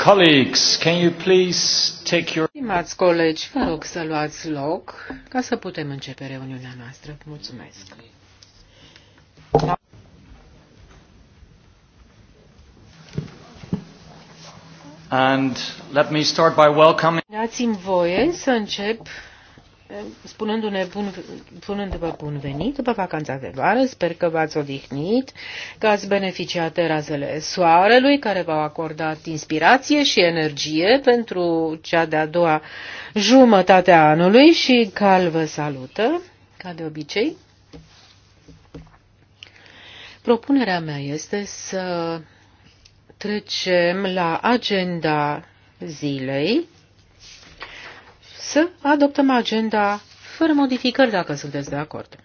Colleagues, can you please take your... Stimați colegi, vă rog să luați loc ca să putem începe reuniunea noastră. Mulțumesc. And let me start by welcoming... Dați-mi voie să încep spunându-ne bun, spunându-vă bun venit după vacanța de vară, sper că v-ați odihnit, că ați beneficiat de razele soarelui care v-au acordat inspirație și energie pentru cea de-a doua jumătate a anului și Cal vă salută, ca de obicei. Propunerea mea este să trecem la agenda zilei să adoptăm agenda fără modificări, dacă sunteți de acord.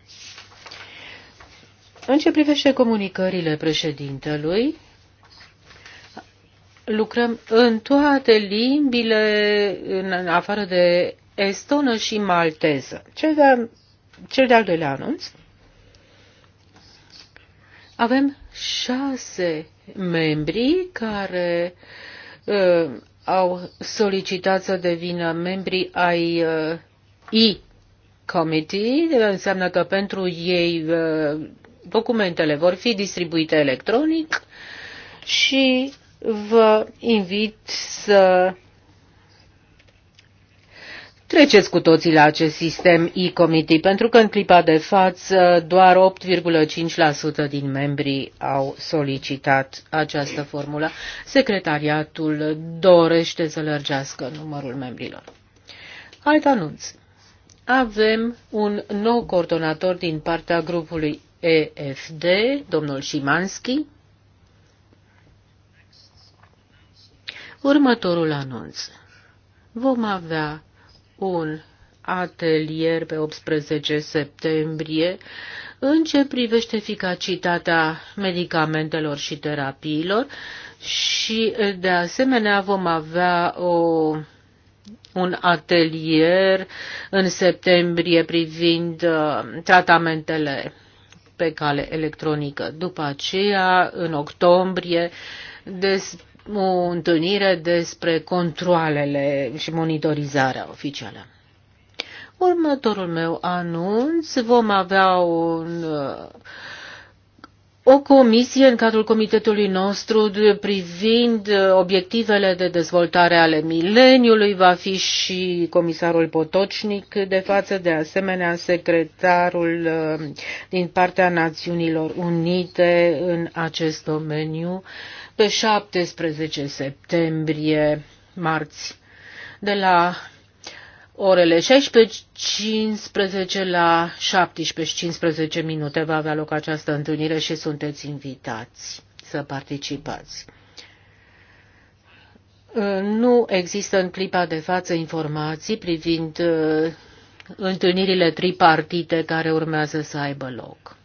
În ce privește comunicările președintelui, lucrăm în toate limbile, în afară de estonă și malteză. Cel, de, cel de-al doilea anunț. Avem șase membri care uh, au solicitat să devină membri ai uh, e-committee, înseamnă că pentru ei uh, documentele vor fi distribuite electronic și vă invit să Treceți cu toții la acest sistem e-committee, pentru că în clipa de față doar 8,5% din membrii au solicitat această formulă. Secretariatul dorește să lărgească numărul membrilor. Alt anunț. Avem un nou coordonator din partea grupului EFD, domnul Șimanski. Următorul anunț. Vom avea un atelier pe 18 septembrie în ce privește eficacitatea medicamentelor și terapiilor și de asemenea vom avea o un atelier în septembrie privind uh, tratamentele pe cale electronică. După aceea, în octombrie, despre o întâlnire despre controlele și monitorizarea oficială. Următorul meu anunț, vom avea un, uh, o comisie în cadrul comitetului nostru privind uh, obiectivele de dezvoltare ale mileniului. Va fi și comisarul Potocnic de față, de asemenea secretarul uh, din partea Națiunilor Unite în acest domeniu. Uh, pe 17 septembrie, marți, de la orele 16.15 la 17.15 minute va avea loc această întâlnire și sunteți invitați să participați. Nu există în clipa de față informații privind uh, întâlnirile tripartite care urmează să aibă loc.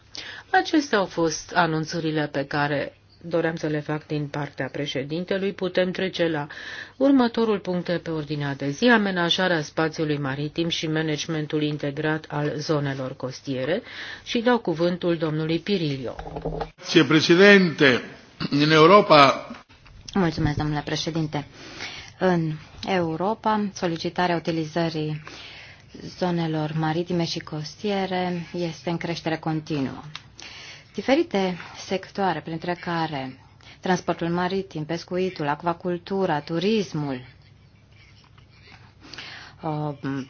Acestea au fost anunțurile pe care doream să le fac din partea președintelui, putem trece la următorul punct pe ordinea de zi, amenajarea spațiului maritim și managementul integrat al zonelor costiere și dau cuvântul domnului Pirilio. Ce președinte, în Europa... Mulțumesc, domnule președinte. În Europa, solicitarea utilizării zonelor maritime și costiere este în creștere continuă diferite sectoare, printre care transportul maritim, pescuitul, acvacultura, turismul, um,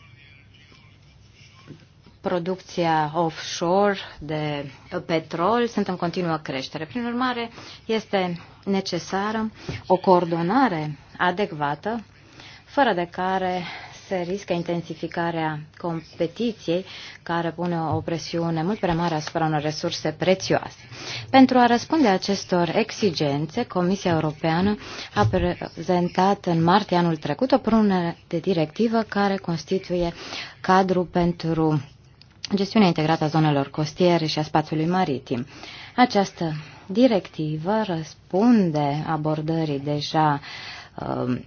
producția offshore de petrol sunt în continuă creștere. Prin urmare, este necesară o coordonare adecvată, fără de care se riscă intensificarea competiției care pune o presiune mult prea mare asupra unor resurse prețioase. Pentru a răspunde acestor exigențe, Comisia Europeană a prezentat în martie anul trecut o prunere de directivă care constituie cadru pentru gestiunea integrată a zonelor costiere și a spațiului maritim. Această directivă răspunde abordării deja uh,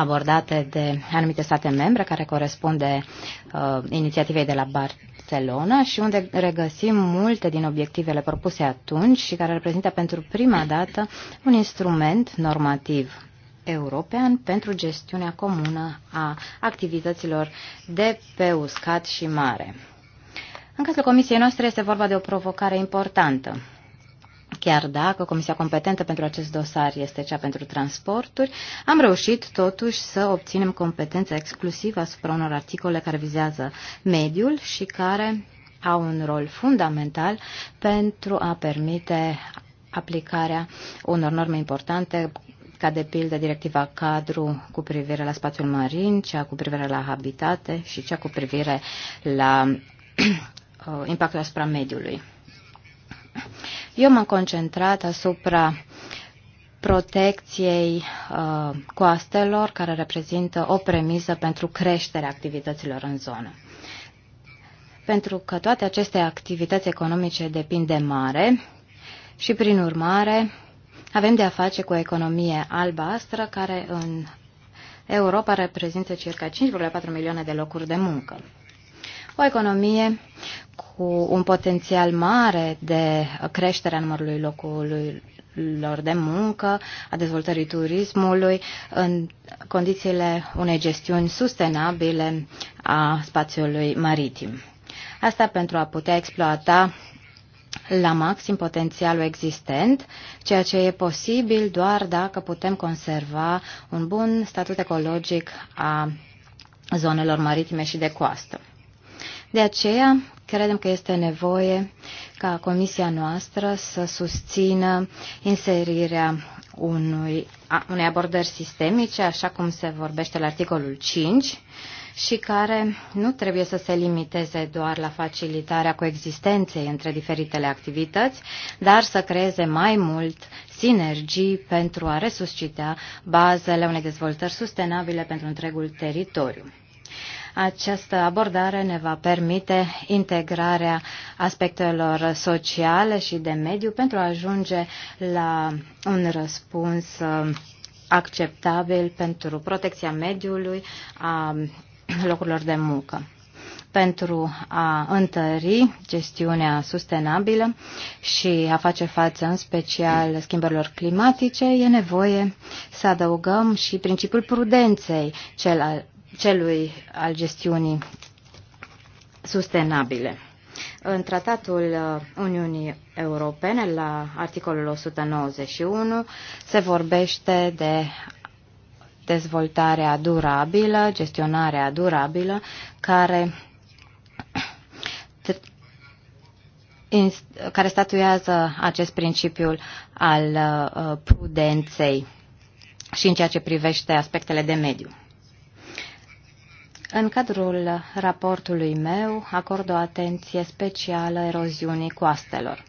abordate de anumite state membre, care corespunde uh, inițiativei de la Barcelona și unde regăsim multe din obiectivele propuse atunci și care reprezintă pentru prima dată un instrument normativ european pentru gestiunea comună a activităților de pe uscat și mare. În cazul comisiei noastre este vorba de o provocare importantă. Chiar dacă Comisia competentă pentru acest dosar este cea pentru transporturi, am reușit totuși să obținem competența exclusivă asupra unor articole care vizează mediul și care au un rol fundamental pentru a permite aplicarea unor norme importante ca de pildă directiva cadru cu privire la spațiul marin, cea cu privire la habitate și cea cu privire la uh, impactul asupra mediului. Eu m-am concentrat asupra protecției uh, coastelor, care reprezintă o premisă pentru creșterea activităților în zonă. Pentru că toate aceste activități economice depind de mare și, prin urmare, avem de a face cu o economie albastră care în Europa reprezintă circa 5,4 milioane de locuri de muncă o economie cu un potențial mare de creștere a numărului lor de muncă, a dezvoltării turismului, în condițiile unei gestiuni sustenabile a spațiului maritim. Asta pentru a putea exploata la maxim potențialul existent, ceea ce e posibil doar dacă putem conserva un bun statut ecologic a zonelor maritime și de coastă. De aceea, credem că este nevoie ca comisia noastră să susțină inserirea unui, a, unei abordări sistemice, așa cum se vorbește la articolul 5, și care nu trebuie să se limiteze doar la facilitarea coexistenței între diferitele activități, dar să creeze mai mult sinergii pentru a resuscita bazele unei dezvoltări sustenabile pentru întregul teritoriu. Această abordare ne va permite integrarea aspectelor sociale și de mediu pentru a ajunge la un răspuns uh, acceptabil pentru protecția mediului a locurilor de muncă pentru a întări gestiunea sustenabilă și a face față în special schimbărilor climatice, e nevoie să adăugăm și principiul prudenței, cel al celui al gestiunii sustenabile. În Tratatul uh, Uniunii Europene, la articolul 191, se vorbește de dezvoltarea durabilă, gestionarea durabilă, care care statuează acest principiu al uh, prudenței și în ceea ce privește aspectele de mediu. În cadrul raportului meu acord o atenție specială eroziunii coastelor,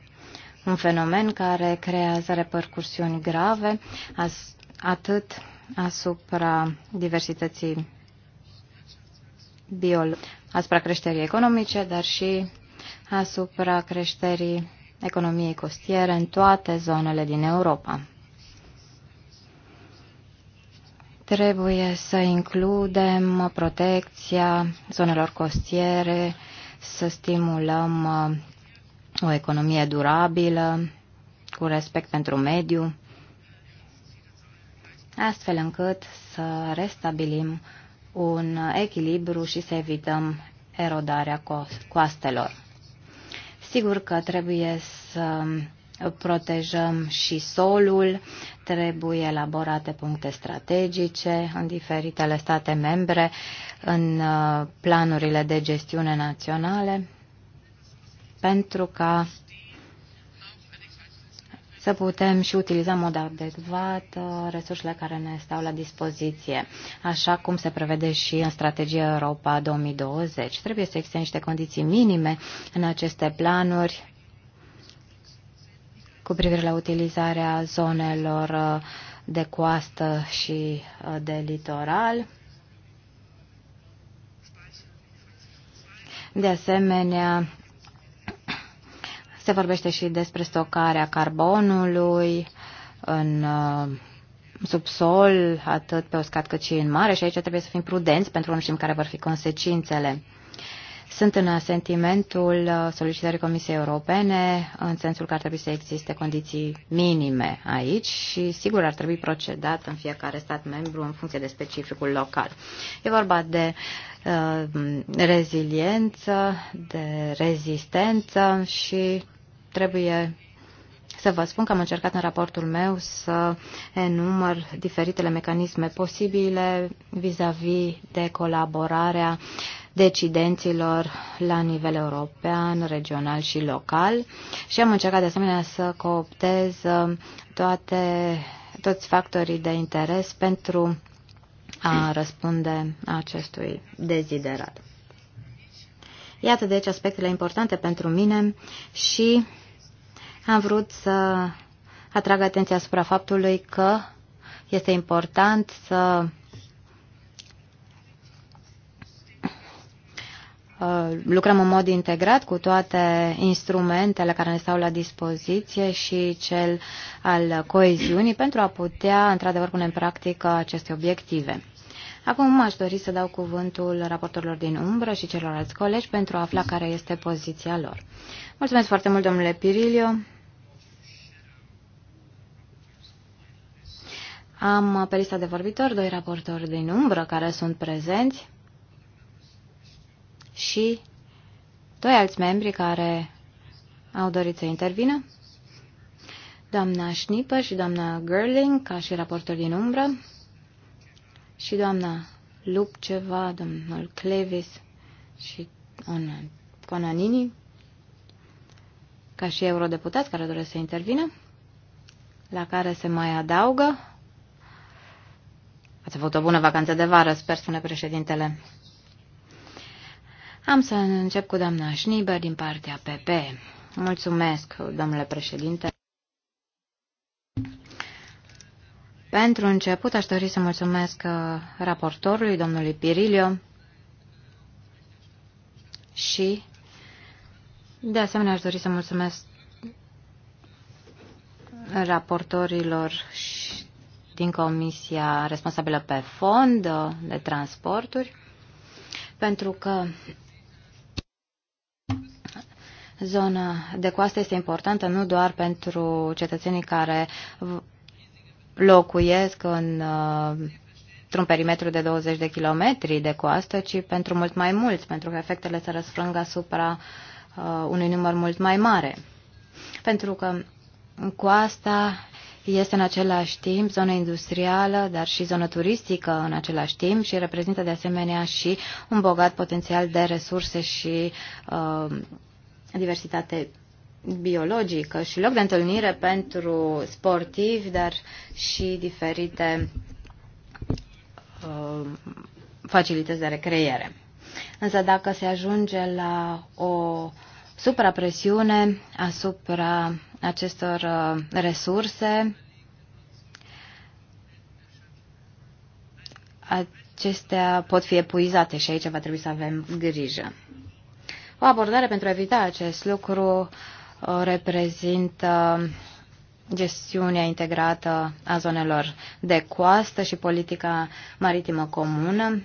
un fenomen care creează repercursiuni grave atât asupra diversității biol, asupra creșterii economice, dar și asupra creșterii economiei costiere în toate zonele din Europa. Trebuie să includem protecția zonelor costiere, să stimulăm uh, o economie durabilă, cu respect pentru mediu, astfel încât să restabilim un echilibru și să evităm erodarea coastelor. Sigur că trebuie să protejăm și solul, trebuie elaborate puncte strategice în diferitele state membre, în uh, planurile de gestiune naționale, pentru ca să putem și utiliza în mod adecvat uh, resursele care ne stau la dispoziție, așa cum se prevede și în strategia Europa 2020. Trebuie să existe niște condiții minime în aceste planuri cu privire la utilizarea zonelor uh, de coastă și uh, de litoral. De asemenea, se vorbește și despre stocarea carbonului în uh, subsol, atât pe uscat cât și în mare și aici trebuie să fim prudenți pentru că nu știm care vor fi consecințele. Sunt în asentimentul uh, solicitării Comisiei Europene, în sensul că ar trebui să existe condiții minime aici și, sigur, ar trebui procedat în fiecare stat membru în funcție de specificul local. E vorba de uh, reziliență, de rezistență și trebuie să vă spun că am încercat în raportul meu să enumăr diferitele mecanisme posibile vis-a-vis -vis de colaborarea decidenților la nivel european, regional și local și am încercat de asemenea să cooptez uh, toate, toți factorii de interes pentru a răspunde acestui deziderat. Iată deci aspectele importante pentru mine și am vrut să atrag atenția asupra faptului că este important să Uh, lucrăm în mod integrat cu toate instrumentele care ne stau la dispoziție și cel al coeziunii pentru a putea, într-adevăr, pune în practică aceste obiective. Acum aș dori să dau cuvântul raportorilor din umbră și celorlalți colegi pentru a afla care este poziția lor. Mulțumesc foarte mult, domnule Pirilio. Am pe lista de vorbitori doi raportori din umbră care sunt prezenți și doi alți membri care au dorit să intervină. Doamna Schnipper și doamna Gerling, ca și raportor din umbră, și doamna Lupceva, domnul Clevis și Conanini, ca și eurodeputați care doresc să intervină, la care se mai adaugă. Ați avut o bună vacanță de vară, sper, spune președintele. Am să încep cu doamna Schnieber din partea PP. Mulțumesc, domnule președinte. Pentru început aș dori să mulțumesc uh, raportorului, domnului Pirilio, și de asemenea aș dori să mulțumesc raportorilor din comisia responsabilă pe fond uh, de transporturi, pentru că Zona de coastă este importantă nu doar pentru cetățenii care locuiesc în uh, într-un perimetru de 20 de kilometri de coastă, ci pentru mult mai mulți, pentru că efectele se răsfrâng asupra uh, unui număr mult mai mare. Pentru că coasta este în același timp zonă industrială, dar și zonă turistică în același timp și reprezintă de asemenea și un bogat potențial de resurse și uh, diversitate biologică și loc de întâlnire pentru sportivi, dar și diferite uh, facilități de recreere. Însă dacă se ajunge la o suprapresiune asupra acestor uh, resurse, acestea pot fi epuizate și aici va trebui să avem grijă. O abordare pentru a evita acest lucru reprezintă gestiunea integrată a zonelor de coastă și politica maritimă comună,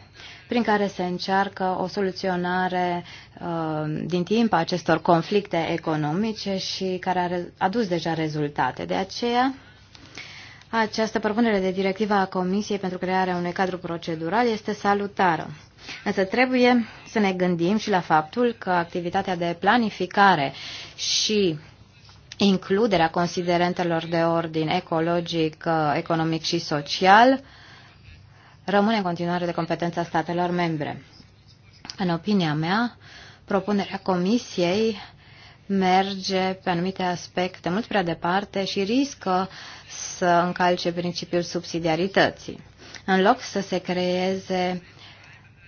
prin care se încearcă o soluționare uh, din timp a acestor conflicte economice și care a adus deja rezultate. De aceea, această propunere de directivă a Comisiei pentru crearea unui cadru procedural este salutară. Însă trebuie să ne gândim și la faptul că activitatea de planificare și includerea considerentelor de ordin ecologic, economic și social rămâne în continuare de competența statelor membre. În opinia mea, propunerea Comisiei merge pe anumite aspecte mult prea departe și riscă să încalce principiul subsidiarității. În loc să se creeze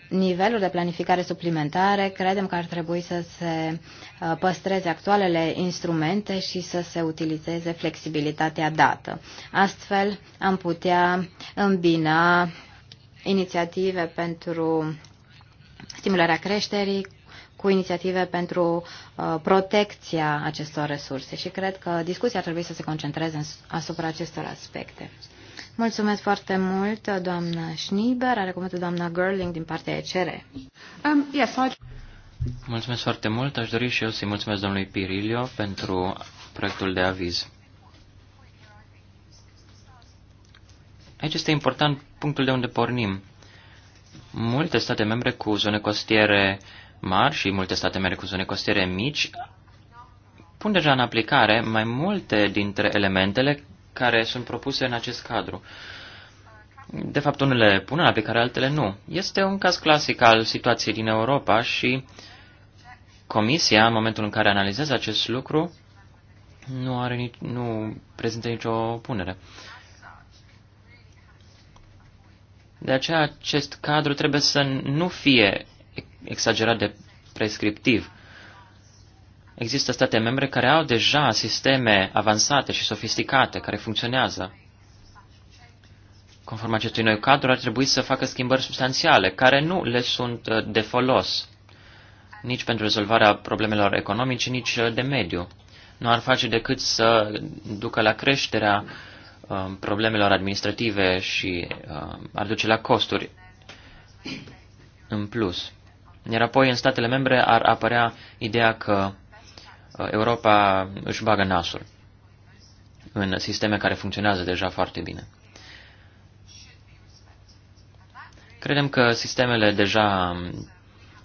nivelul de planificare suplimentare, credem că ar trebui să se uh, păstreze actualele instrumente și să se utilizeze flexibilitatea dată. Astfel am putea îmbina inițiative pentru stimularea creșterii cu inițiative pentru uh, protecția acestor resurse și cred că discuția trebuie să se concentreze asupra acestor aspecte. Mulțumesc foarte mult, doamna Schnieber. Are cuvântul doamna Gerling din partea ECR. Um, yes, I... Mulțumesc foarte mult. Aș dori și eu să-i mulțumesc domnului Pirilio pentru proiectul de aviz. Aici este important punctul de unde pornim. Multe state membre cu zone costiere mari și multe state membre cu zone costiere mici pun deja în aplicare mai multe dintre elementele care sunt propuse în acest cadru. De fapt, unele pun în aplicare, altele nu. Este un caz clasic al situației din Europa și Comisia, în momentul în care analizează acest lucru, nu, are nici, nu prezintă nicio punere. De aceea, acest cadru trebuie să nu fie exagerat de prescriptiv. Există state membre care au deja sisteme avansate și sofisticate care funcționează. Conform acestui noi cadru, ar trebui să facă schimbări substanțiale, care nu le sunt uh, de folos, nici pentru rezolvarea problemelor economice, nici uh, de mediu. Nu ar face decât să ducă la creșterea um, problemelor administrative și um, ar duce la costuri în plus. Iar apoi în statele membre ar apărea ideea că uh, Europa își bagă nasul în sisteme care funcționează deja foarte bine. Credem că sistemele deja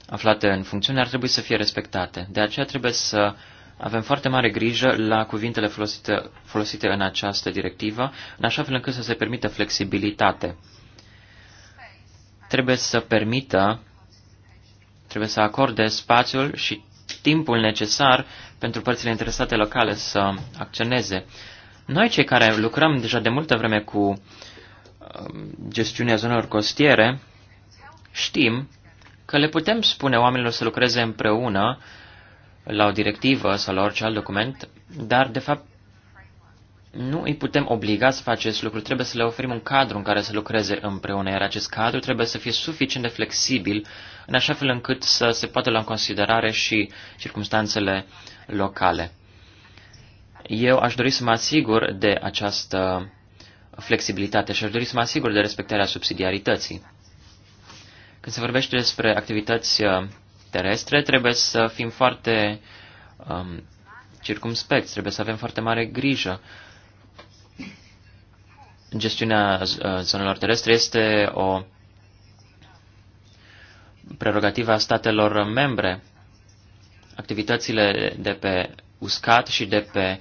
aflate în funcțiune ar trebui să fie respectate. De aceea trebuie să avem foarte mare grijă la cuvintele folosite, folosite în această directivă, în așa fel încât să se permită flexibilitate. Trebuie să permită Trebuie să acorde spațiul și timpul necesar pentru părțile interesate locale să acționeze. Noi, cei care lucrăm deja de multă vreme cu um, gestiunea zonelor costiere, știm că le putem spune oamenilor să lucreze împreună la o directivă sau la orice alt document, dar, de fapt, nu îi putem obliga să facă acest lucru, trebuie să le oferim un cadru în care să lucreze împreună, iar acest cadru trebuie să fie suficient de flexibil în așa fel încât să se poată lua în considerare și circumstanțele locale. Eu aș dori să mă asigur de această flexibilitate și aș dori să mă asigur de respectarea subsidiarității. Când se vorbește despre activități uh, terestre, trebuie să fim foarte um, circumspecți, trebuie să avem foarte mare grijă. Gestiunea uh, zonelor terestre este o prerogativa statelor membre. Activitățile de pe uscat și de pe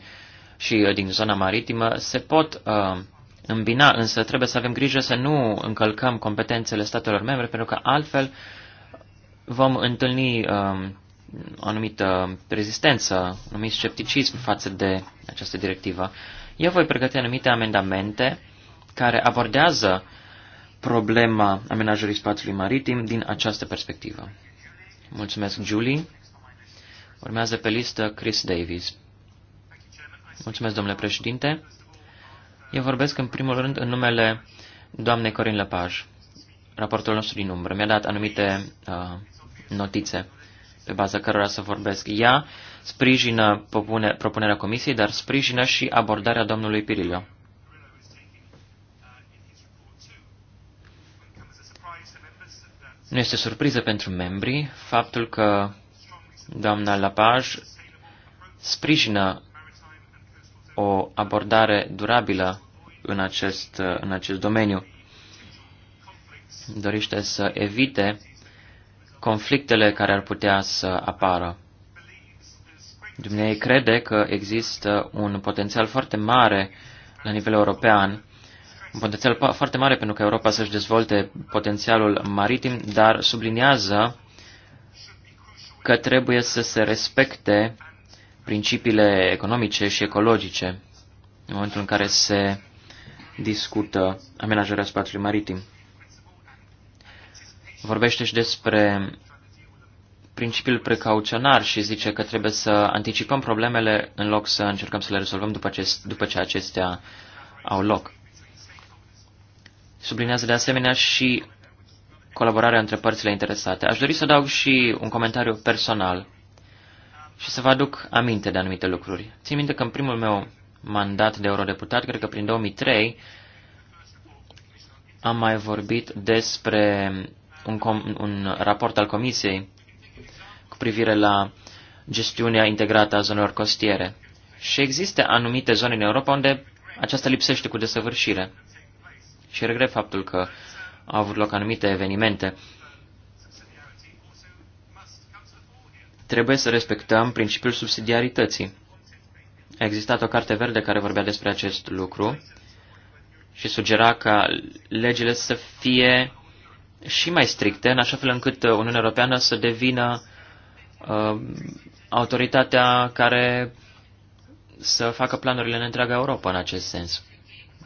și uh, din zona maritimă se pot uh, îmbina, însă trebuie să avem grijă să nu încălcăm competențele statelor membre, pentru că altfel vom întâlni uh, o anumită rezistență, un anumit scepticism față de această directivă. Eu voi pregăti anumite amendamente care abordează uh, problema amenajării spațiului maritim din această perspectivă. Mulțumesc, Julie. Urmează pe listă Chris Davis. Mulțumesc, domnule președinte. Eu vorbesc în primul rând în numele doamnei Corin Lepaj, raportul nostru din umbră. Mi-a dat anumite uh, notițe pe baza cărora să vorbesc. Ea sprijină propune, propunerea comisiei, dar sprijină și abordarea domnului Pirilio. Nu este surpriză pentru membrii faptul că doamna Lapage sprijină o abordare durabilă în acest, în acest domeniu. Dorește să evite conflictele care ar putea să apară. Dumnezeu crede că există un potențial foarte mare la nivel european un potențial foarte mare pentru că Europa să-și dezvolte potențialul maritim, dar subliniază că trebuie să se respecte principiile economice și ecologice în momentul în care se discută amenajarea spațiului maritim. Vorbește și despre principiul precauționar și zice că trebuie să anticipăm problemele în loc să încercăm să le rezolvăm după ce, după ce acestea au loc. Sublinează de asemenea și colaborarea între părțile interesate. Aș dori să dau și un comentariu personal și să vă aduc aminte de anumite lucruri. Țin minte că în primul meu mandat de eurodeputat, cred că prin 2003, am mai vorbit despre un, com- un raport al Comisiei cu privire la gestiunea integrată a zonelor costiere. Și există anumite zone în Europa unde aceasta lipsește cu desăvârșire și regret faptul că au avut loc anumite evenimente. Trebuie să respectăm principiul subsidiarității. A existat o carte verde care vorbea despre acest lucru și sugera ca legile să fie și mai stricte, în așa fel încât Uniunea Europeană să devină uh, autoritatea care să facă planurile în întreaga Europa în acest sens.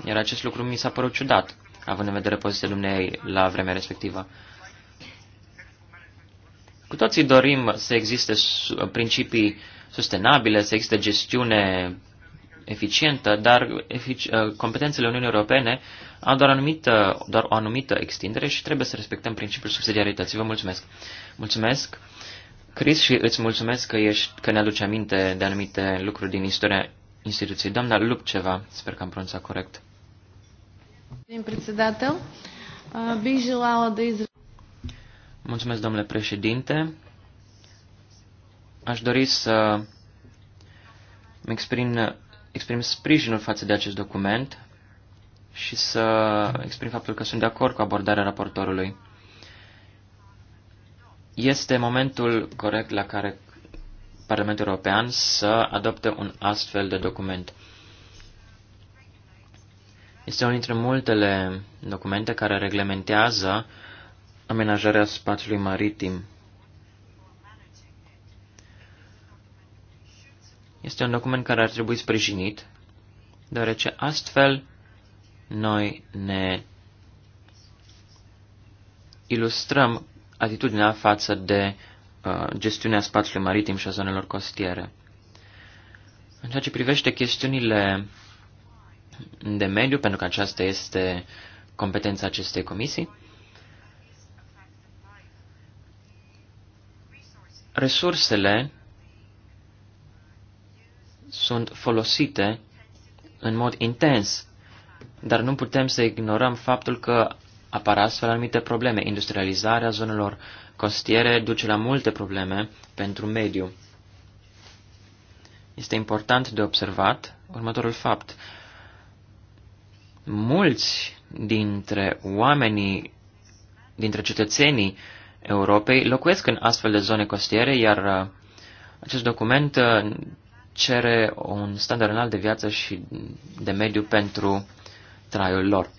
Iar acest lucru mi s-a părut ciudat, având în vedere poziția dumneai la vremea respectivă. Cu toții dorim să existe principii sustenabile, să existe gestiune eficientă, dar uh, competențele Uniunii Europene au doar, anumită, doar o anumită extindere și trebuie să respectăm principiul subsidiarității. Vă mulțumesc! Mulțumesc, Chris, și îți mulțumesc că, ești, că ne aduce aminte de anumite lucruri din istoria instituției. Doamna Lupceva, sper că am pronunțat corect. Mulțumesc, domnule președinte. Aș dori să exprim, exprim sprijinul față de acest document și să exprim faptul că sunt de acord cu abordarea raportorului. Este momentul corect la care Parlamentul European să adopte un astfel de document. Este unul dintre multele documente care reglementează amenajarea spațiului maritim. Este un document care ar trebui sprijinit, deoarece astfel noi ne ilustrăm atitudinea față de uh, gestiunea spațiului maritim și a zonelor costiere. În ceea ce privește chestiunile de mediu, pentru că aceasta este competența acestei comisii. Resursele sunt folosite în mod intens, dar nu putem să ignorăm faptul că apar astfel anumite probleme. Industrializarea zonelor costiere duce la multe probleme pentru mediu. Este important de observat următorul fapt. Mulți dintre oamenii, dintre cetățenii Europei locuiesc în astfel de zone costiere, iar uh, acest document uh, cere un standard înalt de viață și de mediu pentru traiul lor.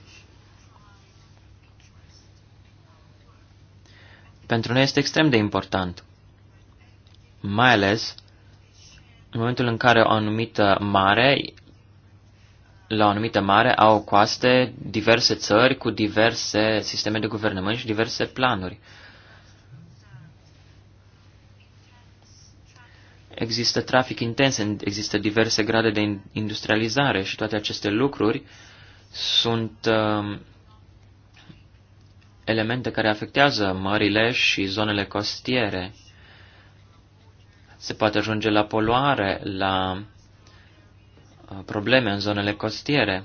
Pentru noi este extrem de important, mai ales în momentul în care o anumită mare la o anumită mare au coaste diverse țări cu diverse sisteme de guvernământ și diverse planuri. Există trafic intens, există diverse grade de industrializare și toate aceste lucruri sunt uh, elemente care afectează mările și zonele costiere. Se poate ajunge la poluare, la Uh, probleme în zonele costiere.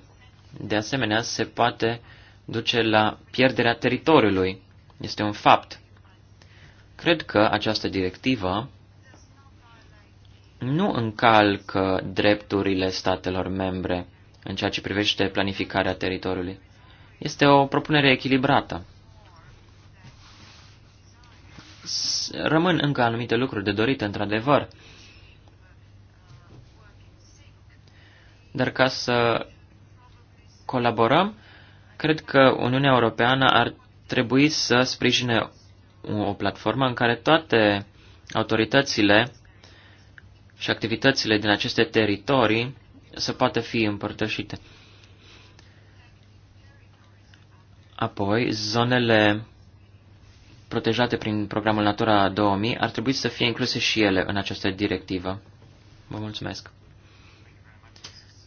De asemenea, se poate duce la pierderea teritoriului. Este un fapt. Cred că această directivă nu încalcă drepturile statelor membre în ceea ce privește planificarea teritoriului. Este o propunere echilibrată. Rămân încă anumite lucruri de dorit, într-adevăr, Dar ca să colaborăm, cred că Uniunea Europeană ar trebui să sprijine o platformă în care toate autoritățile și activitățile din aceste teritorii să poată fi împărtășite. Apoi, zonele protejate prin programul Natura 2000 ar trebui să fie incluse și ele în această directivă. Vă mulțumesc!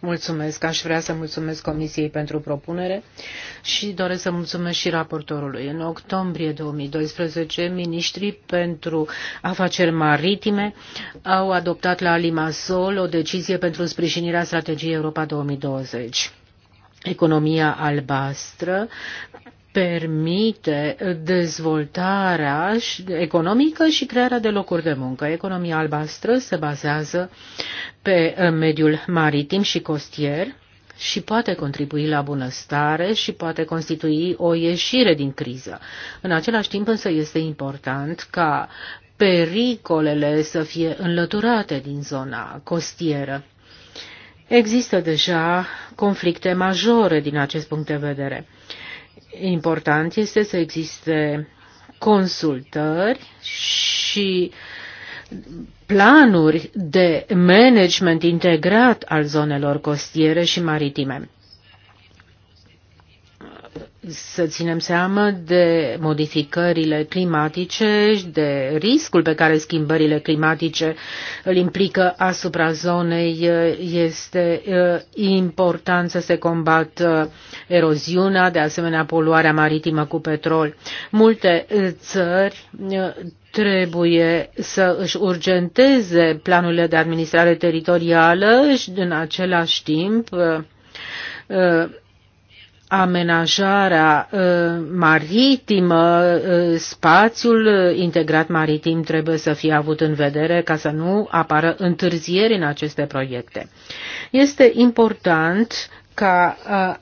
Mulțumesc, aș vrea să mulțumesc Comisiei pentru propunere și doresc să mulțumesc și raportorului. În octombrie 2012, ministrii pentru afaceri maritime au adoptat la Limassol o decizie pentru sprijinirea strategiei Europa 2020. Economia albastră permite dezvoltarea economică și crearea de locuri de muncă. Economia albastră se bazează pe mediul maritim și costier și poate contribui la bunăstare și poate constitui o ieșire din criză. În același timp însă este important ca pericolele să fie înlăturate din zona costieră. Există deja conflicte majore din acest punct de vedere important este să existe consultări și planuri de management integrat al zonelor costiere și maritime să ținem seama de modificările climatice, de riscul pe care schimbările climatice îl implică asupra zonei. Este uh, important să se combată eroziunea, de asemenea poluarea maritimă cu petrol. Multe uh, țări uh, trebuie să își urgenteze planurile de administrare teritorială și în același timp amenajarea uh, maritimă, uh, spațiul uh, integrat maritim trebuie să fie avut în vedere ca să nu apară întârzieri în aceste proiecte. Este important ca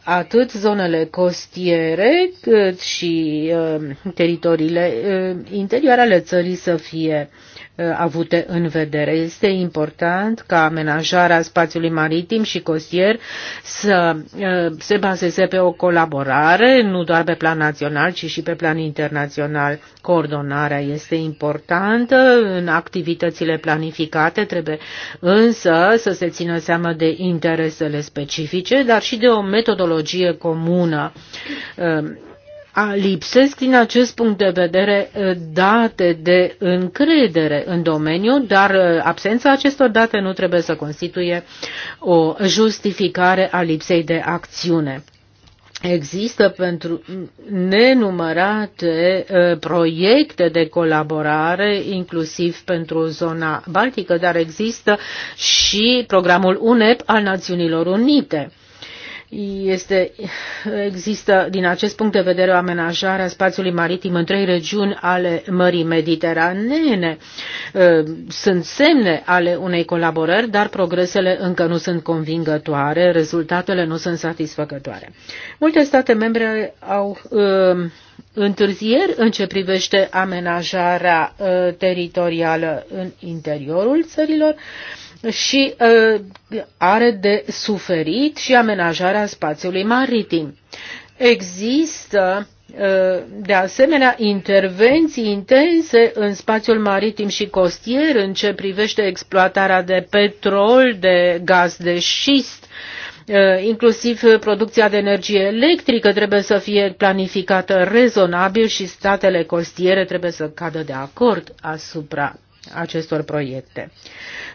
atât zonele costiere cât și teritoriile interioare ale țării să fie uh, Uh, avute în vedere. Este important ca amenajarea spațiului maritim și costier să uh, se bazeze pe o colaborare, nu doar pe plan național, ci și pe plan internațional. Coordonarea este importantă în activitățile planificate, trebuie însă să se țină seama de interesele specifice, dar și de o metodologie comună uh, a lipsesc din acest punct de vedere uh, date de încredere în domeniu, dar uh, absența acestor date nu trebuie să constituie o justificare a lipsei de acțiune. Există pentru nenumărate uh, proiecte de colaborare, inclusiv pentru zona baltică, dar există și programul UNEP al Națiunilor Unite este, există din acest punct de vedere o amenajare a spațiului maritim în trei regiuni ale Mării Mediteranene. Ă, sunt semne ale unei colaborări, dar progresele încă nu sunt convingătoare, rezultatele nu sunt satisfăcătoare. Multe state membre au ă, întârzieri în ce privește amenajarea ă, teritorială în interiorul țărilor, și uh, are de suferit și amenajarea spațiului maritim. Există uh, de asemenea intervenții intense în spațiul maritim și costier în ce privește exploatarea de petrol, de gaz de șist, uh, inclusiv producția de energie electrică trebuie să fie planificată rezonabil și statele costiere trebuie să cadă de acord asupra acestor proiecte.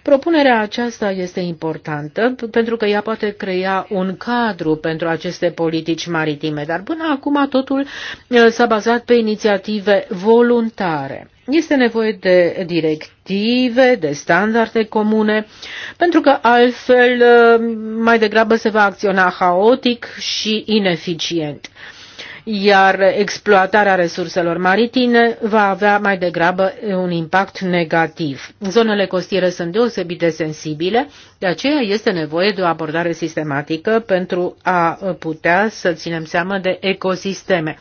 Propunerea aceasta este importantă pentru că ea poate crea un cadru pentru aceste politici maritime, dar până acum totul uh, s-a bazat pe inițiative voluntare. Este nevoie de directive, de standarde comune, pentru că altfel uh, mai degrabă se va acționa haotic și ineficient iar exploatarea resurselor maritime va avea mai degrabă un impact negativ. Zonele costiere sunt deosebit de sensibile, de aceea este nevoie de o abordare sistematică pentru a putea să ținem seama de ecosisteme.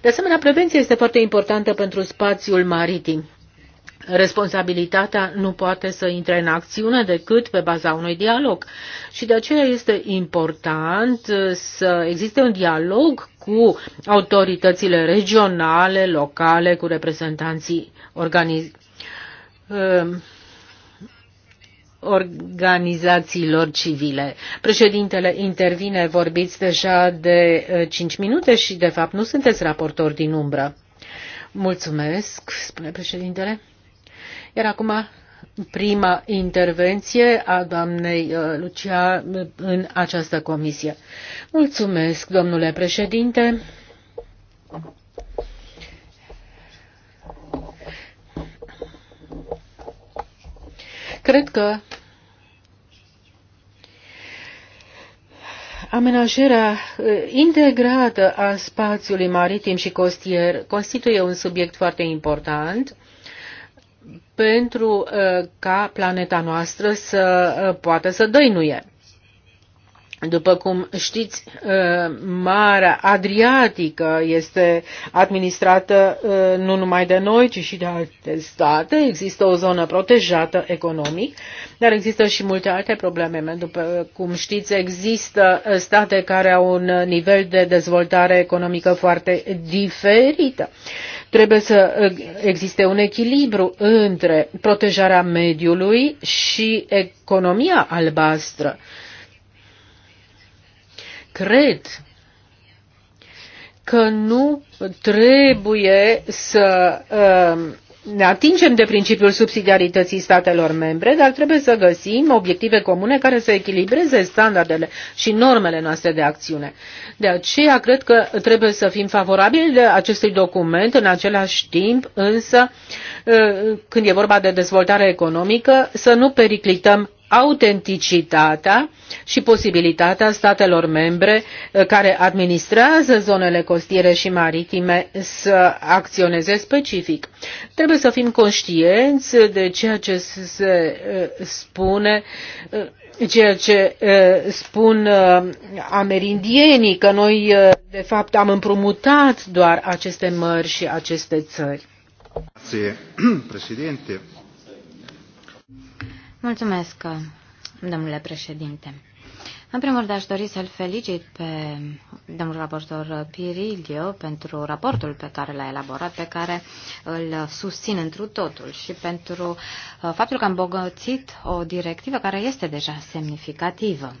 De asemenea, prevenția este foarte importantă pentru spațiul maritim responsabilitatea nu poate să intre în acțiune decât pe baza unui dialog. Și de aceea este important uh, să existe un dialog cu autoritățile regionale, locale, cu reprezentanții organiz... Uh, organizațiilor civile. Președintele intervine, vorbiți deja de 5 uh, minute și de fapt nu sunteți raportor din umbră. Mulțumesc, spune președintele. Iar acum prima intervenție a doamnei uh, Lucia uh, în această comisie. Mulțumesc, domnule președinte. Cred că Amenajarea uh, integrată a spațiului maritim și costier constituie un subiect foarte important pentru uh, ca planeta noastră să uh, poată să dăinuie. După cum știți, uh, Marea Adriatică este administrată nu numai de noi, ci și de alte state. Există o zonă protejată economic, dar există și multe alte probleme. După cum știți, există state care au un nivel de dezvoltare economică foarte diferită. Trebuie să uh, existe un echilibru între protejarea mediului și economia albastră. Cred că nu trebuie să uh, ne atingem de principiul subsidiarității statelor membre, dar trebuie să găsim obiective comune care să echilibreze standardele și normele noastre de acțiune. De aceea cred că trebuie să fim favorabili de acestui document, în același timp însă, ă, când e vorba de dezvoltare economică, să nu periclităm autenticitatea și posibilitatea statelor membre eh, care administrează zonele costiere și maritime să acționeze specific. Trebuie să fim conștienți de ceea ce se eh, spune eh, ceea ce spun amerindienii, că noi de fapt am împrumutat doar aceste mări și aceste țări. Grazie, președinte. Mulțumesc, domnule președinte. În primul rând, aș dori să-l felicit pe domnul raportor Pirilio pentru raportul pe care l-a elaborat, pe care îl susțin întru totul și pentru uh, faptul că am îmbogățit o directivă care este deja semnificativă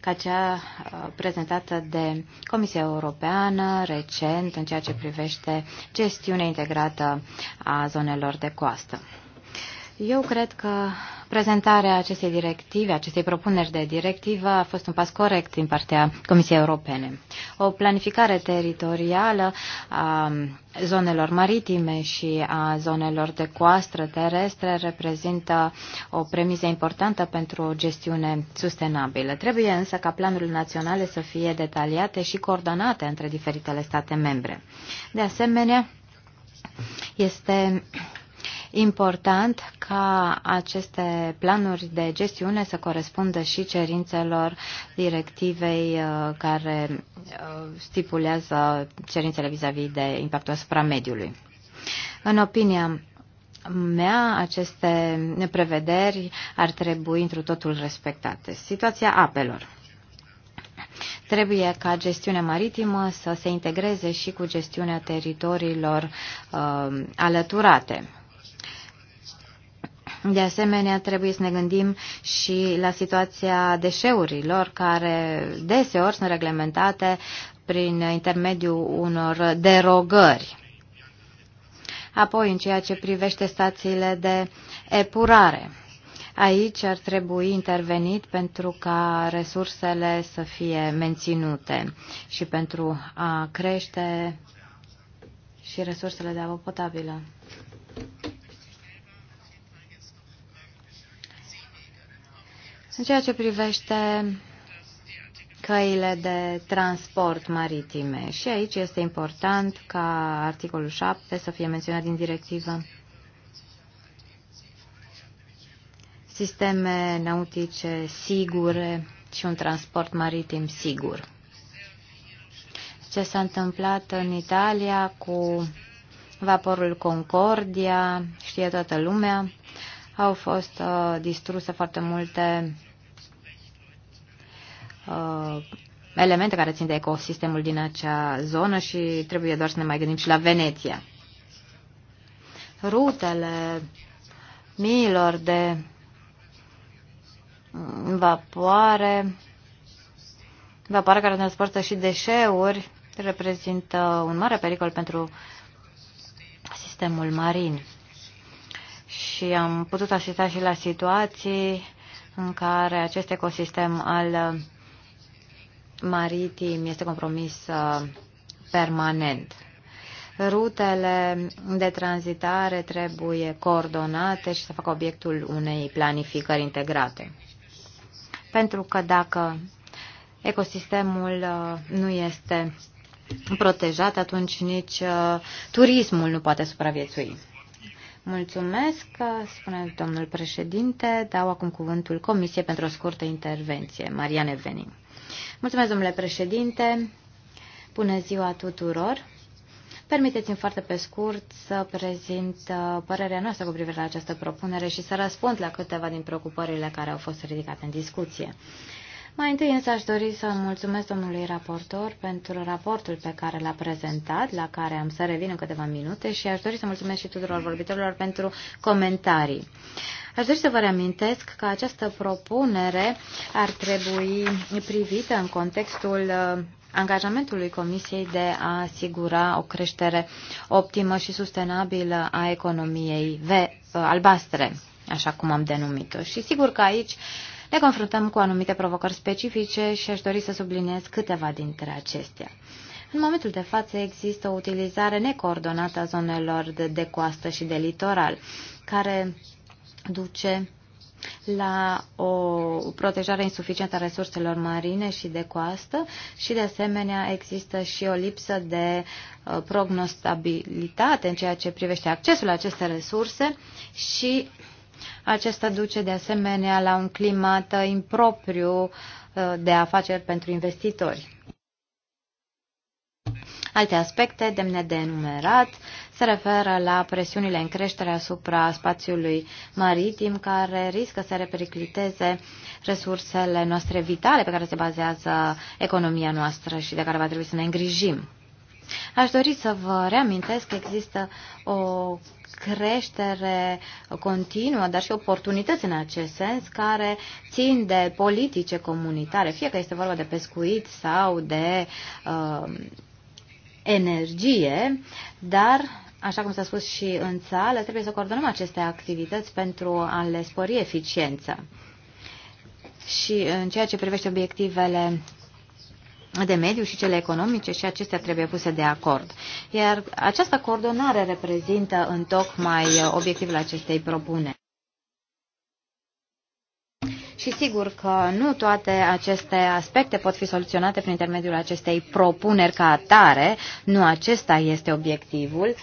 ca cea uh, prezentată de Comisia Europeană recent în ceea ce privește gestiunea integrată a zonelor de coastă. Eu cred că prezentarea acestei directive, acestei propuneri de directivă a fost un pas corect din partea Comisiei Europene. O planificare teritorială a zonelor maritime și a zonelor de coastră terestre reprezintă o premisă importantă pentru o gestiune sustenabilă. Trebuie însă ca planurile naționale să fie detaliate și coordonate între diferitele state membre. De asemenea, este important ca aceste planuri de gestiune să corespundă și cerințelor directivei uh, care uh, stipulează cerințele vis-a-vis -vis de impactul asupra mediului. În opinia mea, aceste neprevederi ar trebui într totul respectate. Situația apelor. Trebuie ca gestiunea maritimă să se integreze și cu gestiunea teritoriilor uh, alăturate. De asemenea, trebuie să ne gândim și la situația deșeurilor, care deseori sunt reglementate prin intermediul unor derogări. Apoi, în ceea ce privește stațiile de epurare, aici ar trebui intervenit pentru ca resursele să fie menținute și pentru a crește și resursele de apă potabilă. În ceea ce privește căile de transport maritime. Și aici este important ca articolul 7 să fie menționat din directivă. Sisteme nautice sigure și un transport maritim sigur. Ce s-a întâmplat în Italia cu vaporul Concordia, știe toată lumea, au fost uh, distruse foarte multe uh, elemente care țin de ecosistemul din acea zonă și trebuie doar să ne mai gândim și la Veneția. Rutele miilor de vapoare, vapoare care transportă și deșeuri, reprezintă un mare pericol pentru sistemul marin și am putut asista și la situații în care acest ecosistem al uh, maritim este compromis uh, permanent. Rutele de tranzitare trebuie coordonate și să facă obiectul unei planificări integrate. Pentru că dacă ecosistemul uh, nu este protejat, atunci nici turismul nu poate supraviețui. Mulțumesc, spune domnul președinte. Dau acum cuvântul Comisiei pentru o scurtă intervenție. Mariane Venin. Mulțumesc, domnule președinte. Bună ziua tuturor. Permiteți-mi foarte pe scurt să prezint uh, părerea noastră cu privire la această propunere și să răspund la câteva din preocupările care au fost ridicate în discuție. Mai întâi însă aș dori să mulțumesc domnului raportor pentru raportul pe care l-a prezentat, la care am să revin în câteva minute și aș dori să mulțumesc și tuturor vorbitorilor pentru comentarii. Aș dori să vă reamintesc că această propunere ar trebui privită în contextul uh, angajamentului Comisiei de a asigura o creștere optimă și sustenabilă a economiei uh, albastre, așa cum am denumit-o. Și sigur că aici uh, ne confruntăm cu anumite provocări specifice și aș dori să subliniez câteva dintre acestea. În momentul de față există o utilizare necoordonată a zonelor de, de coastă și de litoral, care duce la o protejare insuficientă a resurselor marine și de coastă și de asemenea există și o lipsă de uh, prognostabilitate în ceea ce privește accesul la aceste resurse și acesta duce de asemenea la un climat impropriu uh, de afaceri pentru investitori. Alte aspecte demne de enumerat se referă la presiunile în creștere asupra spațiului maritim, care riscă să repericliteze resursele noastre vitale pe care se bazează economia noastră și de care va trebui să ne îngrijim. Aș dori să vă reamintesc că există o creștere continuă, dar și oportunități în acest sens, care țin de politice comunitare, fie că este vorba de pescuit sau de uh, energie, dar așa cum s-a spus și în țară, trebuie să coordonăm aceste activități pentru a le spori eficiența. Și în ceea ce privește obiectivele de mediu și cele economice și acestea trebuie puse de acord. Iar această coordonare reprezintă în tocmai uh, obiectivul acestei propuneri. Și sigur că nu toate aceste aspecte pot fi soluționate prin intermediul acestei propuneri ca atare, nu acesta este obiectivul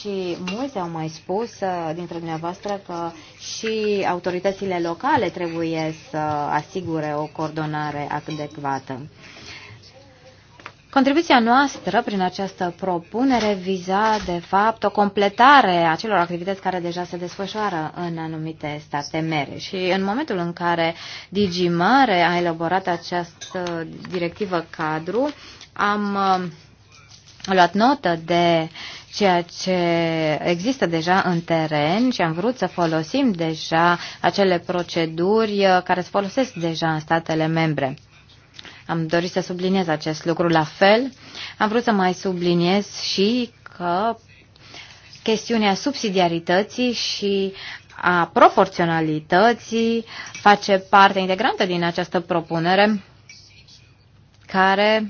și mulți au mai spus uh, dintre dumneavoastră că și autoritățile locale trebuie să asigure o coordonare adecvată. Contribuția noastră prin această propunere viza, de fapt, o completare a celor activități care deja se desfășoară în anumite state mere. Și în momentul în care Digimare a elaborat această directivă cadru, am uh, luat notă de ceea ce există deja în teren și am vrut să folosim deja acele proceduri uh, care se folosesc deja în statele membre. Am dorit să subliniez acest lucru. La fel, am vrut să mai subliniez și că chestiunea subsidiarității și a proporționalității face parte integrantă din această propunere care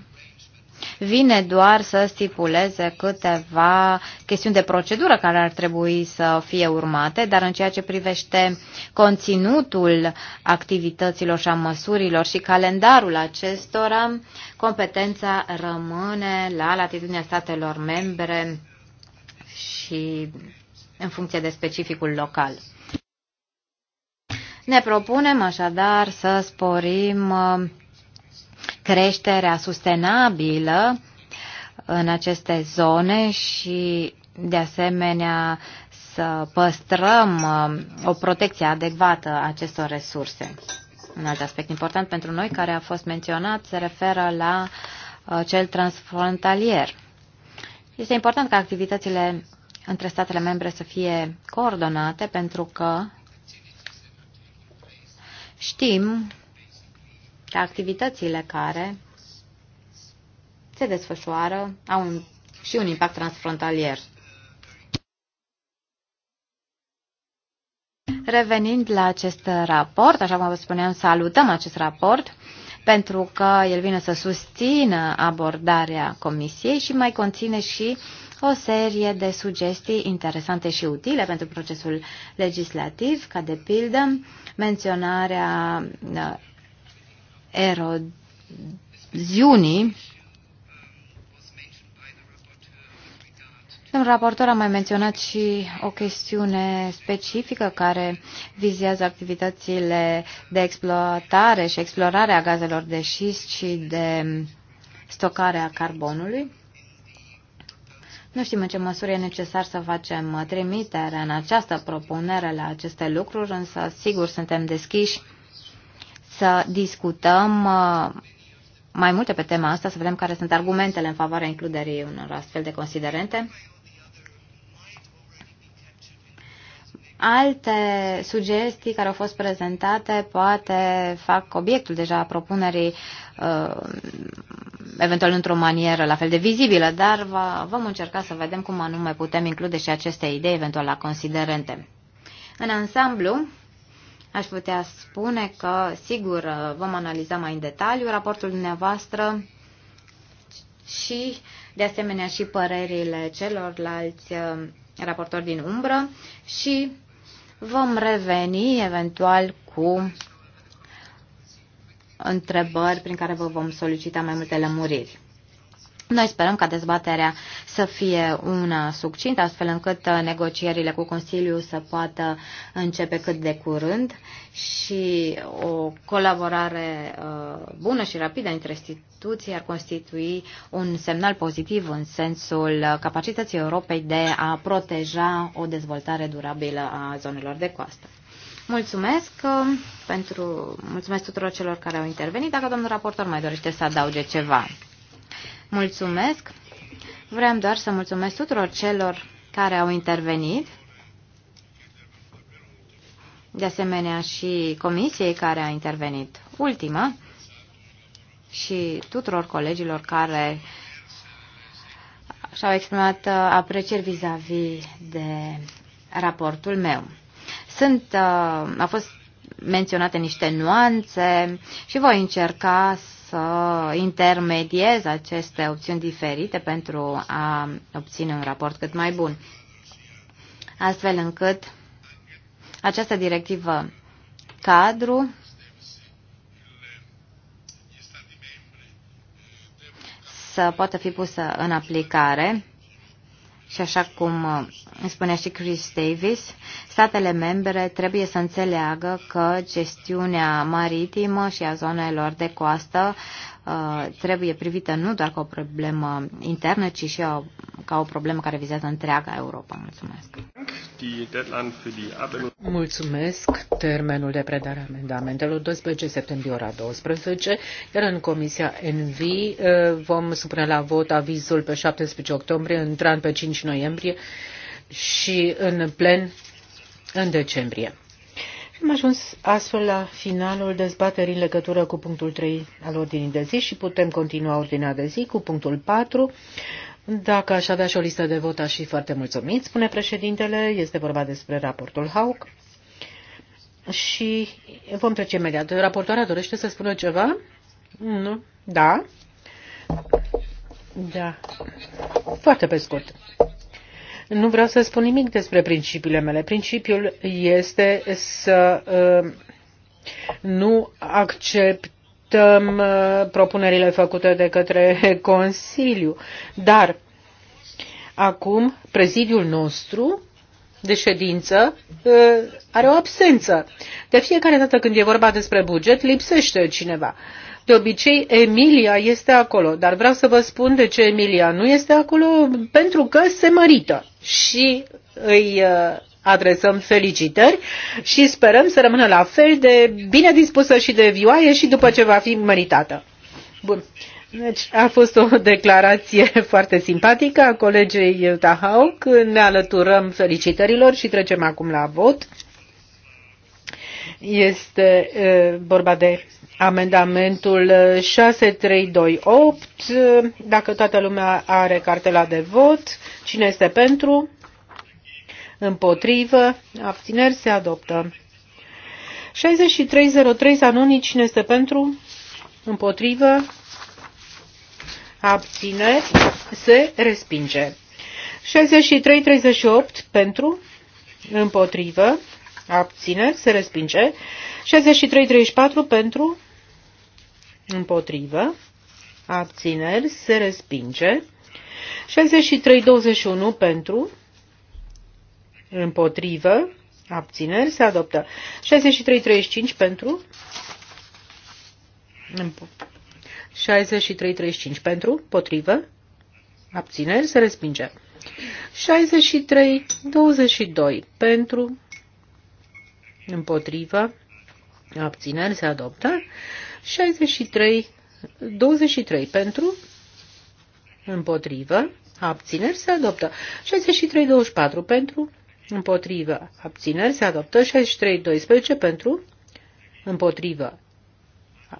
vine doar să stipuleze câteva chestiuni de procedură care ar trebui să fie urmate, dar în ceea ce privește conținutul activităților și a măsurilor și calendarul acestora, competența rămâne la latitudinea statelor membre și în funcție de specificul local. Ne propunem așadar să sporim uh, creșterea sustenabilă în aceste zone și, de asemenea, să păstrăm uh, o protecție adecvată a acestor resurse. Un alt aspect important pentru noi care a fost menționat se referă la uh, cel transfrontalier. Este important ca activitățile între statele membre să fie coordonate pentru că știm despre activitățile care se desfășoară, au un, și un impact transfrontalier. Revenind la acest raport, așa cum vă spuneam, salutăm acest raport pentru că el vine să susțină abordarea Comisiei și mai conține și o serie de sugestii interesante și utile pentru procesul legislativ, ca de pildă menționarea eroziunii. Domnul raportor a mai menționat și o chestiune specifică care vizează activitățile de exploatare și explorare a gazelor de șist și de stocare a carbonului. Nu știm în ce măsură e necesar să facem trimitere în această propunere la aceste lucruri, însă sigur suntem deschiși să discutăm uh, mai multe pe tema asta, să vedem care sunt argumentele în favoarea includerii unor astfel de considerente. Alte sugestii care au fost prezentate poate fac obiectul deja a propunerii uh, eventual într-o manieră la fel de vizibilă, dar va, vom încerca să vedem cum anume putem include și aceste idei eventual la considerente. În ansamblu, Aș putea spune că, sigur, vom analiza mai în detaliu raportul dumneavoastră și, de asemenea, și părerile celorlalți uh, raportori din umbră și vom reveni eventual cu întrebări prin care vă vom solicita mai multe lămuriri. Noi sperăm ca dezbaterea să fie una succintă, astfel încât uh, negocierile cu Consiliul să poată începe cât de curând și o colaborare uh, bună și rapidă între instituții ar constitui un semnal pozitiv în sensul uh, capacității Europei de a proteja o dezvoltare durabilă a zonelor de coastă. Mulțumesc pentru mulțumesc tuturor celor care au intervenit. Dacă domnul raportor mai dorește să adauge ceva. Mulțumesc! Vreau doar să mulțumesc tuturor celor care au intervenit, de asemenea și comisiei care a intervenit ultima și tuturor colegilor care și-au exprimat uh, aprecieri vis-a-vis -vis de raportul meu. Sunt, uh, au fost menționate niște nuanțe și voi încerca să intermediez aceste opțiuni diferite pentru a obține un raport cât mai bun. Astfel încât această directivă cadru să poată fi pusă în aplicare și așa cum spunea și Chris Davis, Statele membre trebuie să înțeleagă că gestiunea maritimă și a zonelor de coastă uh, trebuie privită nu doar ca o problemă internă, ci și o, ca o problemă care vizează întreaga Europa. Mulțumesc! Mulțumesc! Termenul de predare a amendamentelor 12 septembrie ora 12, iar în Comisia NV uh, vom supune la vot avizul pe 17 octombrie, în pe 5 noiembrie și în plen în decembrie. Am ajuns astfel la finalul dezbaterii în legătură cu punctul 3 al ordinii de zi și putem continua ordinea de zi cu punctul 4. Dacă aș avea și o listă de vot, aș fi foarte mulțumit, spune președintele. Este vorba despre raportul Hauk. Și vom trece imediat. Raportoarea dorește să spună ceva? Nu? Da? Da. Foarte pe scurt. Nu vreau să spun nimic despre principiile mele. Principiul este să um, nu acceptăm uh, propunerile făcute de către Consiliu. Dar acum prezidiul nostru de ședință uh, are o absență. De fiecare dată când e vorba despre buget, lipsește cineva. De obicei, Emilia este acolo, dar vreau să vă spun de ce Emilia nu este acolo, pentru că se mărită și îi uh, adresăm felicitări și sperăm să rămână la fel de bine dispusă și de vioaie și după ce va fi măritată. Bun. Deci a fost o declarație foarte simpatică a colegei Tahau când Ne alăturăm felicitărilor și trecem acum la vot. Este e, uh, vorba de Amendamentul 6328, dacă toată lumea are cartela de vot, cine este pentru? Împotrivă, abțineri se adoptă. 6303 Sanoni, cine este pentru? Împotrivă, abțineri se respinge. 6338 pentru, împotrivă, abțineri se respinge. 6334 pentru, împotrivă, abțineri, se respinge. 63-21 pentru, împotrivă, abțineri, se adoptă. 63-35 pentru, 63-35 pentru, potrivă, abțineri, se respinge. 63-22 pentru, împotrivă, abțineri, se adoptă. 63, 23 pentru, împotrivă, abțineri se adoptă. 63, 24 pentru, împotrivă, abțineri se adoptă. 63, 12 pentru, împotrivă,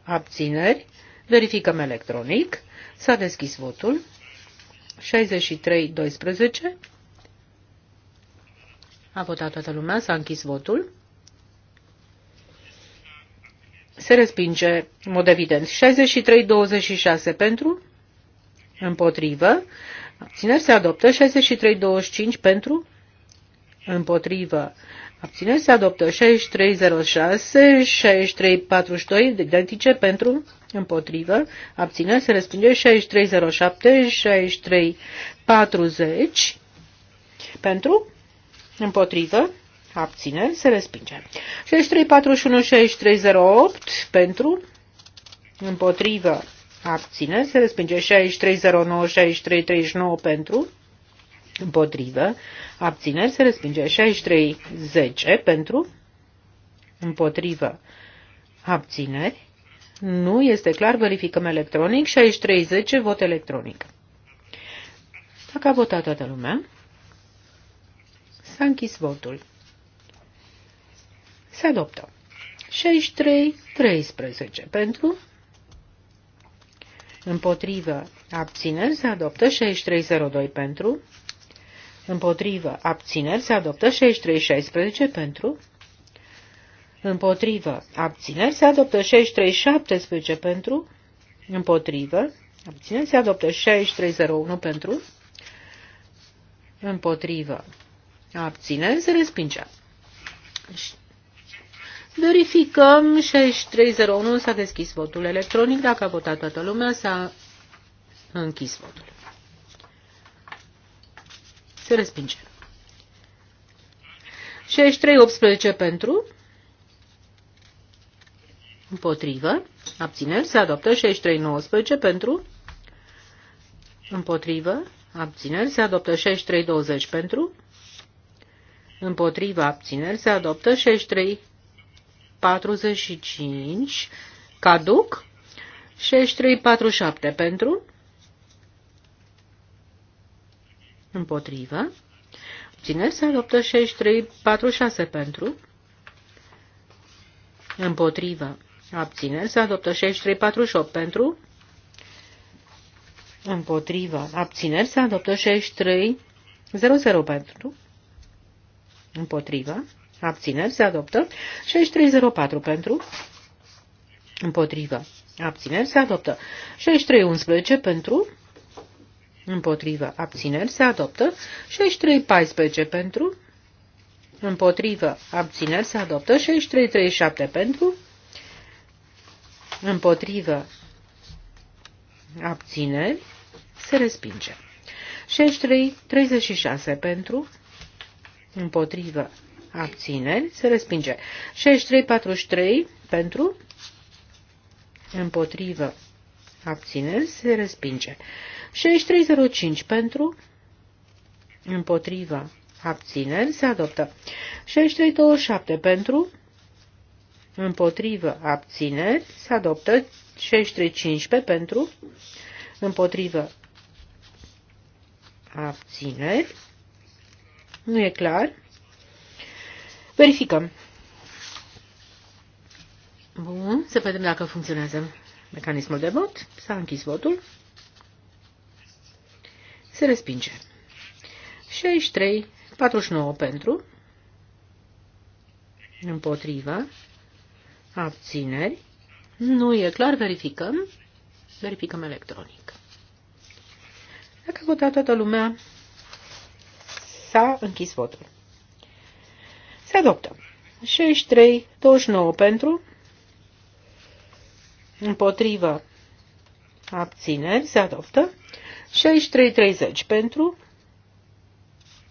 abțineri. Verificăm electronic. S-a deschis votul. 63, 12. A votat toată lumea, s-a închis votul se respinge în mod evident. 63-26 pentru, împotrivă, abțineri se adoptă. 63-25 pentru, împotrivă, abțineri se adoptă. 63-06, 63-42 identice pentru, împotrivă, abțineri se respinge. 63-07, 63-40 pentru, împotrivă, Abține, se respinge. 6341, 6308 pentru, împotrivă, Abține, se respinge. 6309, 6339 pentru, împotrivă, Abține, se respinge. 6310 pentru, împotrivă, abțineri, nu este clar, verificăm electronic, 6310, vot electronic. Dacă a votat toată lumea, s-a închis votul. Se adoptă. 63, 13 pentru, împotrivă, abțineri, se adoptă. 6302 pentru, împotrivă, abțineri, se adoptă. 6316 pentru, împotrivă, abțineri, se adoptă. 6317 pentru, împotrivă, abțineri, se adoptă. 6301 pentru, împotrivă, abțineri, se respinge. Verificăm 6301, s-a deschis votul electronic, dacă a votat toată lumea, s-a închis votul. Se respinge. 6318 pentru, împotrivă, abțineri, se adoptă 6319 pentru, împotrivă, abțineri, se adoptă 6320 pentru, împotrivă, abțineri, se adoptă 63 45 caduc. 6347 pentru. Împotrivă. Cine se adoptă 6346 pentru? Împotrivă. Abțineri se adoptă 6348 pentru. Împotrivă. Abțineri se adoptă 6300 pentru. Împotrivă abțineri, se adoptă. 6304 pentru, împotrivă, abțineri, se adoptă. 6311 pentru, împotrivă, abțineri, se adoptă. 6314 pentru, împotrivă, abțineri, se adoptă. 6337 pentru, împotrivă, abțineri, se respinge. 6336 pentru, împotrivă, abțineri, se respinge. 63-43 pentru, împotrivă, abțineri, se respinge. 63-05 pentru, împotrivă, abțineri, se adoptă. 63-27 pentru, împotrivă, abțineri, se adoptă. 63-15 pentru, împotrivă, abțineri, nu e clar. Verificăm. Bun, să vedem dacă funcționează mecanismul de vot. S-a închis votul. Se respinge. 63, 49 pentru, împotriva, abțineri, nu e clar, verificăm, verificăm electronic. Dacă a votat toată lumea, s-a închis votul. Se adoptă. 63, 29 pentru, împotrivă, abțineri, se adoptă. 63, 30 pentru,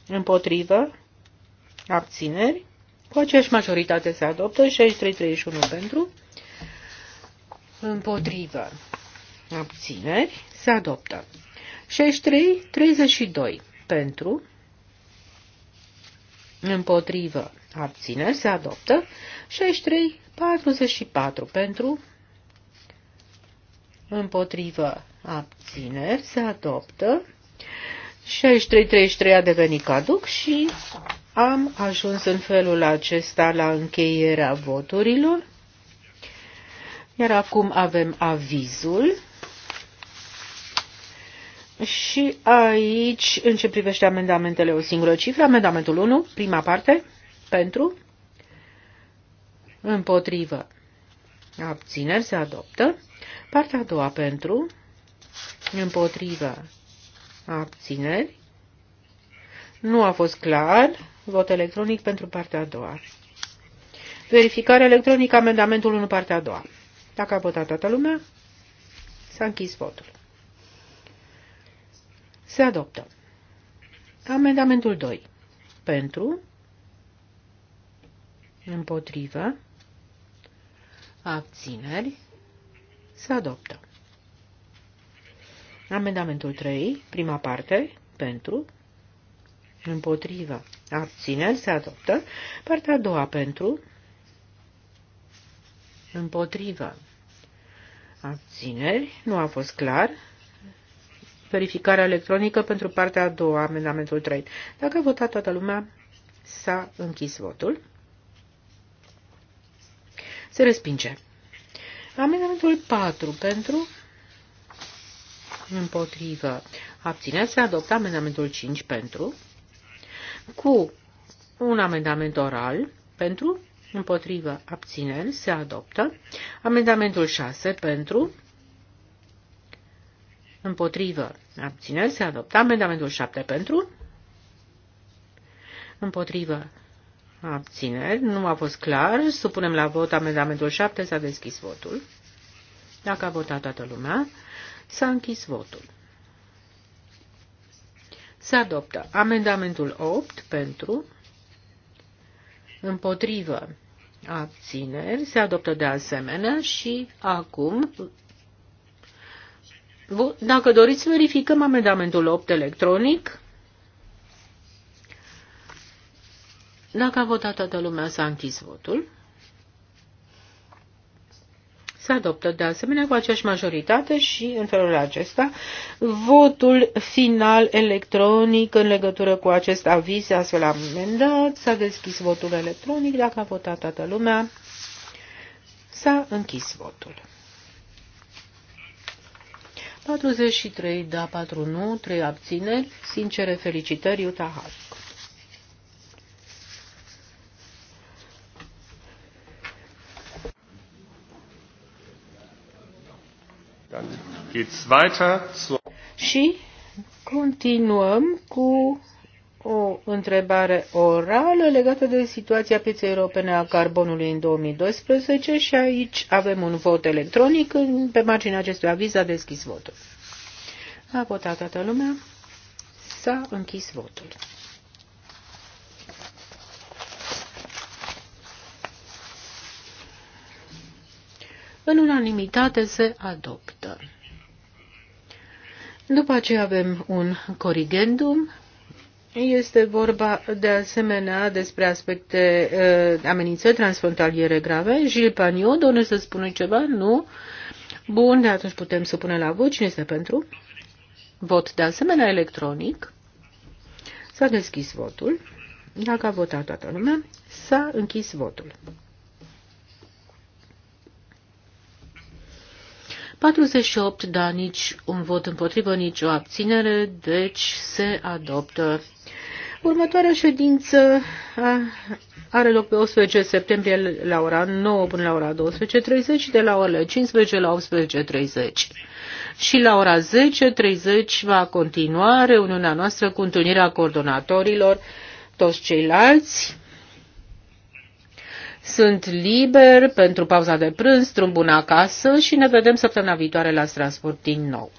împotrivă, abțineri, cu aceeași majoritate se adoptă. 63, 31 pentru, împotrivă, abțineri, se adoptă. 63, 32 pentru, împotrivă, abțineri se adoptă. 63, 44 pentru, împotrivă, abțineri se adoptă. 63, 33 a devenit caduc și am ajuns în felul acesta la încheierea voturilor. Iar acum avem avizul. Și aici, în ce privește amendamentele, o singură cifră, amendamentul 1, prima parte, pentru, împotrivă, abțineri se adoptă. Partea a doua pentru, împotrivă, abțineri. Nu a fost clar. Vot electronic pentru partea a doua. Verificare electronică amendamentul 1 partea a doua. Dacă a votat toată lumea, s-a închis votul. Se adoptă. Amendamentul 2. Pentru, împotrivă, abțineri, se adoptă. Amendamentul 3, prima parte, pentru, împotrivă, abțineri, se adoptă. Partea a doua, pentru, împotrivă, abțineri, nu a fost clar. Verificarea electronică pentru partea a doua, amendamentul 3. Dacă a votat toată lumea, s-a închis votul. Se respinge. Amendamentul 4 pentru împotrivă. Abțineri se adoptă amendamentul 5 pentru cu un amendament oral pentru împotrivă abțineri se adoptă amendamentul 6 pentru împotrivă abțineri se adoptă amendamentul 7 pentru împotrivă Abțineri. Nu a fost clar. Supunem la vot amendamentul 7. S-a deschis votul. Dacă a votat toată lumea, s-a închis votul. Se adoptă amendamentul 8 pentru, împotrivă, abțineri. Se adoptă de asemenea și acum, dacă doriți, verificăm amendamentul 8 electronic. Dacă a votat toată lumea, s-a închis votul. Se adoptă de asemenea cu aceeași majoritate și în felul acesta votul final electronic în legătură cu acest aviz astfel amendat. S-a deschis votul electronic. Dacă a votat toată lumea, s-a închis votul. 43 da, 4 nu, 3 abțineri. Sincere felicitări, Utah Hart. geht's weiter zu... Și continuăm cu o întrebare orală legată de situația pieței europene a carbonului în 2012 și aici avem un vot electronic. Pe marginea acestui aviz a deschis votul. A votat toată lumea. S-a închis votul. În unanimitate se adoptă. După aceea avem un corigendum. Este vorba de asemenea despre aspecte uh, amenințări transfrontaliere grave. Gilles Pagnot, doresc să spună ceva? Nu. Bun, de atunci putem să punem la vot. Cine este pentru? Vot de asemenea electronic. S-a deschis votul. Dacă a votat toată lumea, s-a închis votul. 48, da, nici un vot împotrivă, nici o abținere, deci se adoptă. Următoarea ședință are loc pe 18 septembrie la ora 9 până la ora 12.30, de la orele 15 la 18.30. Și la ora 10.30 va continua reuniunea noastră cu întâlnirea coordonatorilor, toți ceilalți sunt liber pentru pauza de prânz, trâmbun acasă și ne vedem săptămâna viitoare la Strasburg din nou.